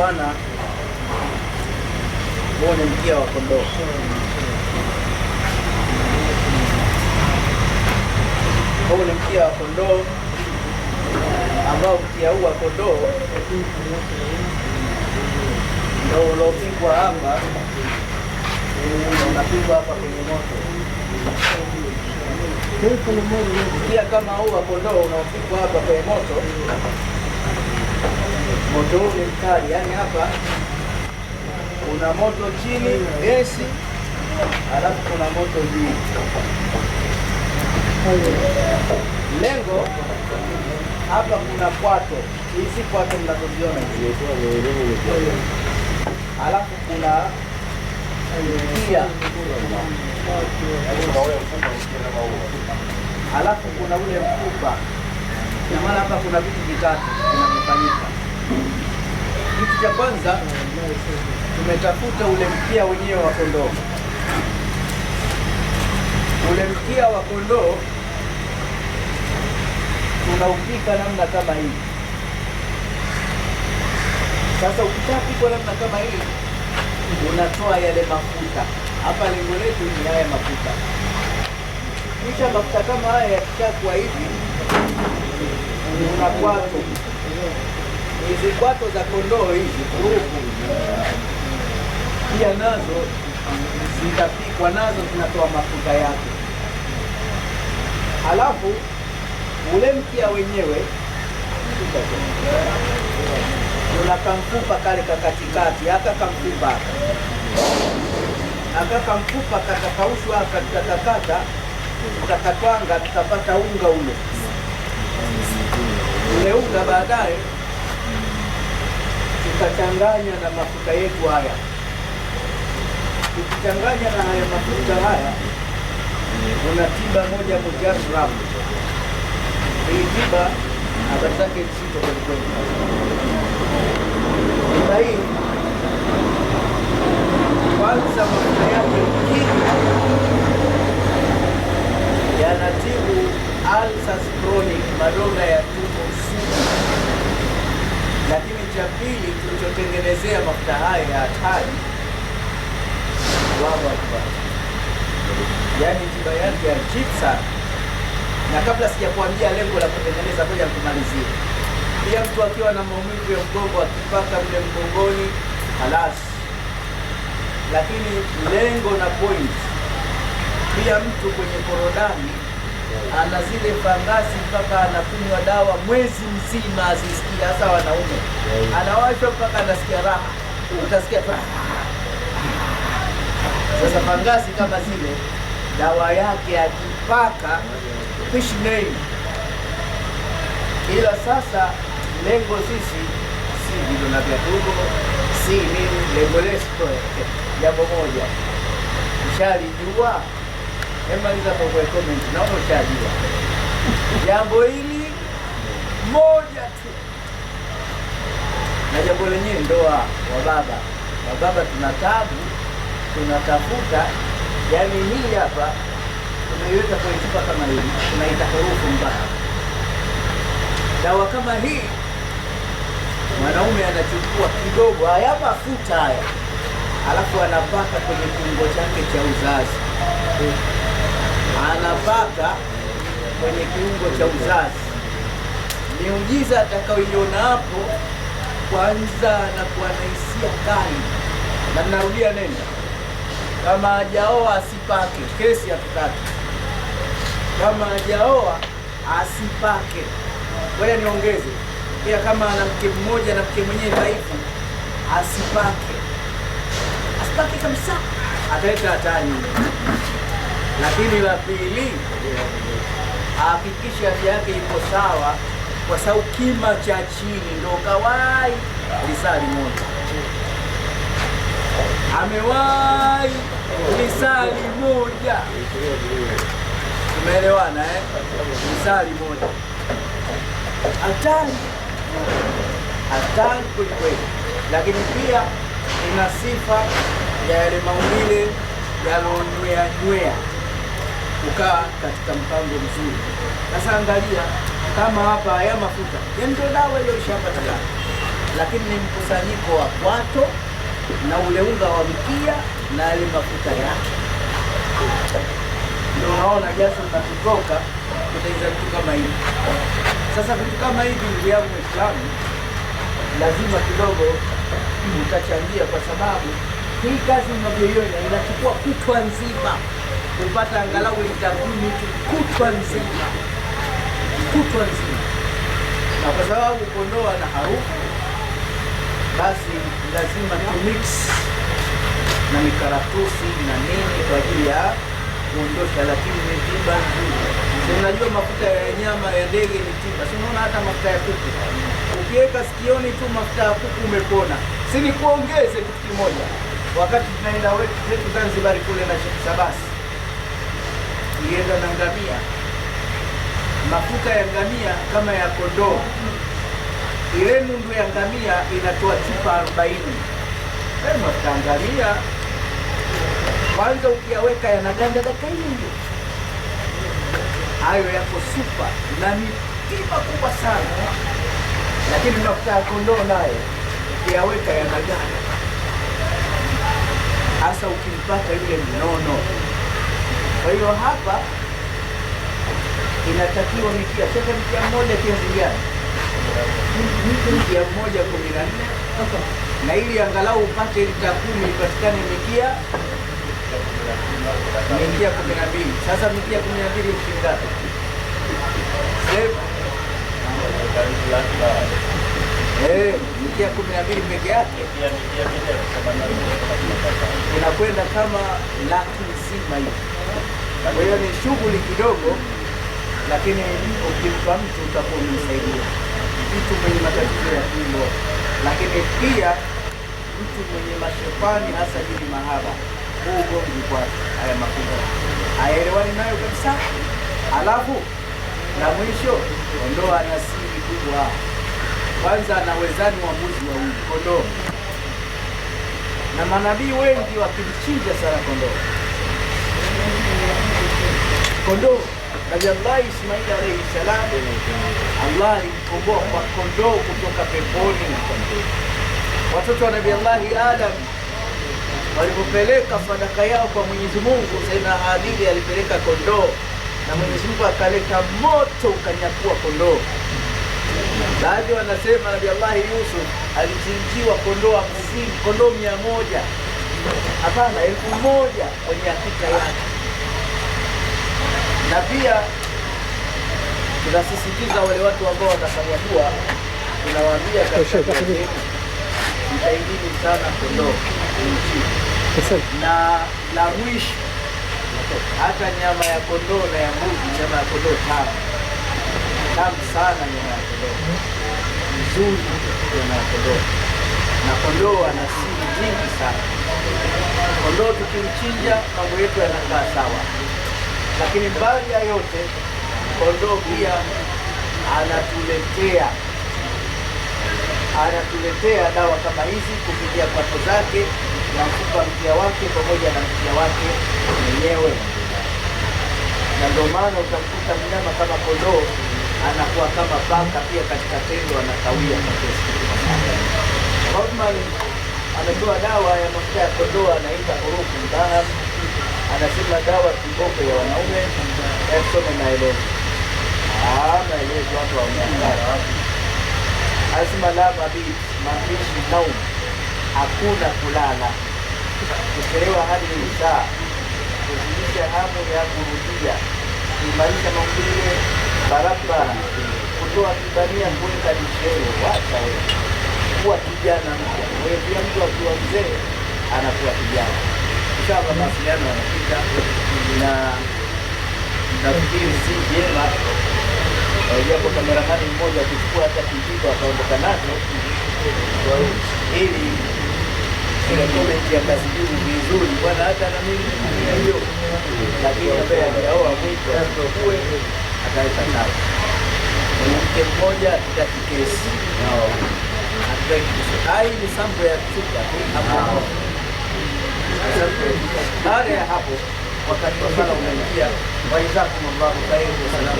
Bwana huo ni mkia wa kondoo. Huu ni mkia wa kondoo ambao mkia huu wa kondoo ndio uliopigwa hapa, unapigwa hapa kwenye moto. Mkia kama huu wa kondoo unaopigwa hapa kwenye moto Moto huu ni mkali, yani hapa kuna moto chini gesi, alafu kuna moto juu. Lengo hapa kuna kwato, hizi kwato mnazoziona, alafu kuna ia, alafu kuna ule mfupa. Kwa maana hapa kuna vitu vitatu vinavyofanyika kitu cha kwanza tumetafuta ule mkia wenyewe wa kondoo. Ule mkia wa kondoo tunaupika namna kama hii. Sasa ukishapikwa namna kama hii, unatoa yale mafuta. Hapa lengo letu ni haya mafuta. Kisha mafuta kama haya yakishakuwa hivi, unakwato hizi kwato za kondoo hizi kuruku pia nazo zitapikwa, nazo zinatoa mafuta yake. Halafu ule mkia wenyewe kuna kamfupa kale kakatikati, haka kamfupa haka haka kamfupa kakakaushwa haka, tutakakata tutapata unga ule ule unga baadaye tutachanganya na mafuta yetu haya. Tukichanganya na haya mafuta haya, kuna tiba moja mujasram. Hii tiba atatake nzito kwelikweli. Tiba hii kwanza, mafuta yake yanatibu ulcers chronic, madonda ya tumbo mazingira haya ya hatari, Allahu Akbar, Yani tiba yake ya jipsa. Na kabla sijakuambia lengo la kutengeneza, ngoja nikumalizie. Pia mtu akiwa na maumivu ya mgongo akipaka mle mgongoni halasi, lakini lengo na point pia mtu kwenye korodani ana zile fangasi mpaka anakunywa dawa mwezi mzima azisikia, hasa wanaume, anawashwa mpaka anasikia raha utasikia sasa. Fangasi kama zile dawa yake akipaka fish name. ila sasa lengo sisi si na vya tumbo, si nini, lengo letu jambo moja, ushalijua emaliza kwa comment, naona ushajua jambo hili moja tu na jambo lenyewe ndoa wa baba wa baba, tuna tabu, tunatafuta. Yani hii hapa tunaiweka kwenye chupa kama hii, tunaita harufu mbaya. Dawa kama hii mwanaume anachukua kidogo, haya mafuta haya, alafu anapaka kwenye kiungo chake cha uzazi, anapaka kwenye kiungo cha uzazi. Miujiza atakayoiona hapo kwanza na hisia kali, na narudia nenda, kama hajaoa asipake, kesi hatutaki. Kama hajaoa asipake. Ngoja niongeze pia, kama ana mke mmoja na mke mwenyewe dhaifu, asipake, asipake kabisa, ataleta hatari. Lakini la pili, ahakikishe afya yake iko sawa kwa sababu kima cha chini ndo kawai lisali moja, amewai lisali moja. Tumeelewana eh? lisali moja, hatari hatari kwelikweli, lakini pia ina sifa ya yale maumbile yanaonywea nywea kukaa katika mpango mzuri. Sasa angalia kama hapa haya mafuta ni ndio dawa ile ishapatikana, lakini ni mkusanyiko wa kwato na ule unga wa mkia na yale mafuta yake, ndio unaona jasho linatoka kutaiza vitu kama hivi. Sasa vitu kama hivi, ndugu yangu Mwislamu, lazima kidogo utachangia, kwa sababu hii kazi mnavyoiona inachukua kutwa nzima kupata angalau lita kutwa nzima kutwa nzima, na kwa sababu kondoa na harufu, basi lazima tu mix na mikaratusi na nini kwa ajili ya kuondosha, lakini ni tiba nzuri. Unajua mafuta ya nyama ya ndege ni tiba, si unaona? Hata mafuta ya kuku ukiweka sikioni tu mafuta ya kuku umepona. Si nikuongeze kitu kimoja, wakati tunaenda wetu zetu Zanzibar kule na Sheikh Sabasi tulienda na ngamia mafuta ya ngamia kama ya kondoo. Ile nundu ya ngamia inatoa chupa arobaini. Utaangalia kwanza, ukiyaweka yanaganda dakika hiyo. Hayo yako supa na ni tiba kubwa sana, lakini mafuta ya kondoo nayo ukiyaweka yanaganda, hasa ukimpata yule mnono. Kwa hiyo hapa inatakiwa mikia sasa, mikia mmoja kiasi gani? mikia mmoja kumi na nne na ili angalau upate lita kumi ipatikane mikia mikia kumi na mbili. Sasa mikia kumi na mbili mshingapi? Eh, mikia kumi na mbili peke yake inakwenda kama laki nzima hivi, kwa hiyo ni shughuli kidogo lakini ukimpa mtu utakuwa umemsaidia mtu mwenye matatizo ya tumbo, lakini pia mtu mwenye mashetani, hasa jini mahaba, huu ugomvi kwa haya makubwa aelewani nayo kabisa. Alafu na mwisho, kondoo ana siri kubwa. Kwanza ana wezani wa mbuzi wawili, kondoo na manabii wengi wakimchinja sana kondoo, kondoo Nabii Allah Ismail alayhi salam, Allah alimkomboa kwa kondoo kutoka peponi. Watoto wa Nabii Allah Adam walipopeleka sadaka yao kwa Mwenyezi Mungu, Saidina Adili alipeleka kondoo na Mwenyezi Mungu akaleta moto ukanyakua kondoo. Baadhi wanasema Nabi Allah Yusuf alichinjiwa kondoo hamsini, kondoo mia moja. Hapana, elfu moja kwenye hakika yake na pia tunasisitiza wale watu ambao watafanya dua, tunawaambia katika itaidini sana kondoo Na la mwisho, hata nyama ya kondoo na ya mbuzi, nyama ya kondoo tamu tamu sana, nyama ya kondoo nzuri, nyama ya kondoo na kondoo ana siri nyingi sana. Kondoo tukimchinja, mambo yetu yanakaa sawa lakini mbali ya yote, kondoo pia anatuletea anatuletea dawa kama hizi kupitia kwato zake na mfupa mkia wake pamoja na mkia wake mwenyewe, na ndio maana utakuta mnyama kama kondoo anakuwa kama paka pia katika tendo anakawia kabisa. Othman ametoa dawa ya mafuta ya kondoo, anaita urukundaham anasema dawa kiboko ya wanaume asome maelezo ah, maelezo watu wa anasema la mabit mapishi naum, hakuna kulala, kuchelewa hadi saa, kuzidisha hamu ya kurudia, kuimarisha maumbile barabara, kutoa kibania, kuweka lishewe, wacha kuwa kijana mpya, wewe mtu akiwa mzee mawasiliano yanapita, na nafikiri si vyema japo kameramani mmoja akichukua hata kijiko akaondoka nacho, ili ile ya kazi juu vizuri bwana, hata na mimi nitumia hiyo, lakini ambaye ajaoa mwiko kuwe ataweka tabu. Mwanamke mmoja hatutaki kesi, hatutaki kesi. Hai ni sambo ya chupa tu hapo baada ya hapo, wakati wa sala unaingia, waizakumullahu khairu.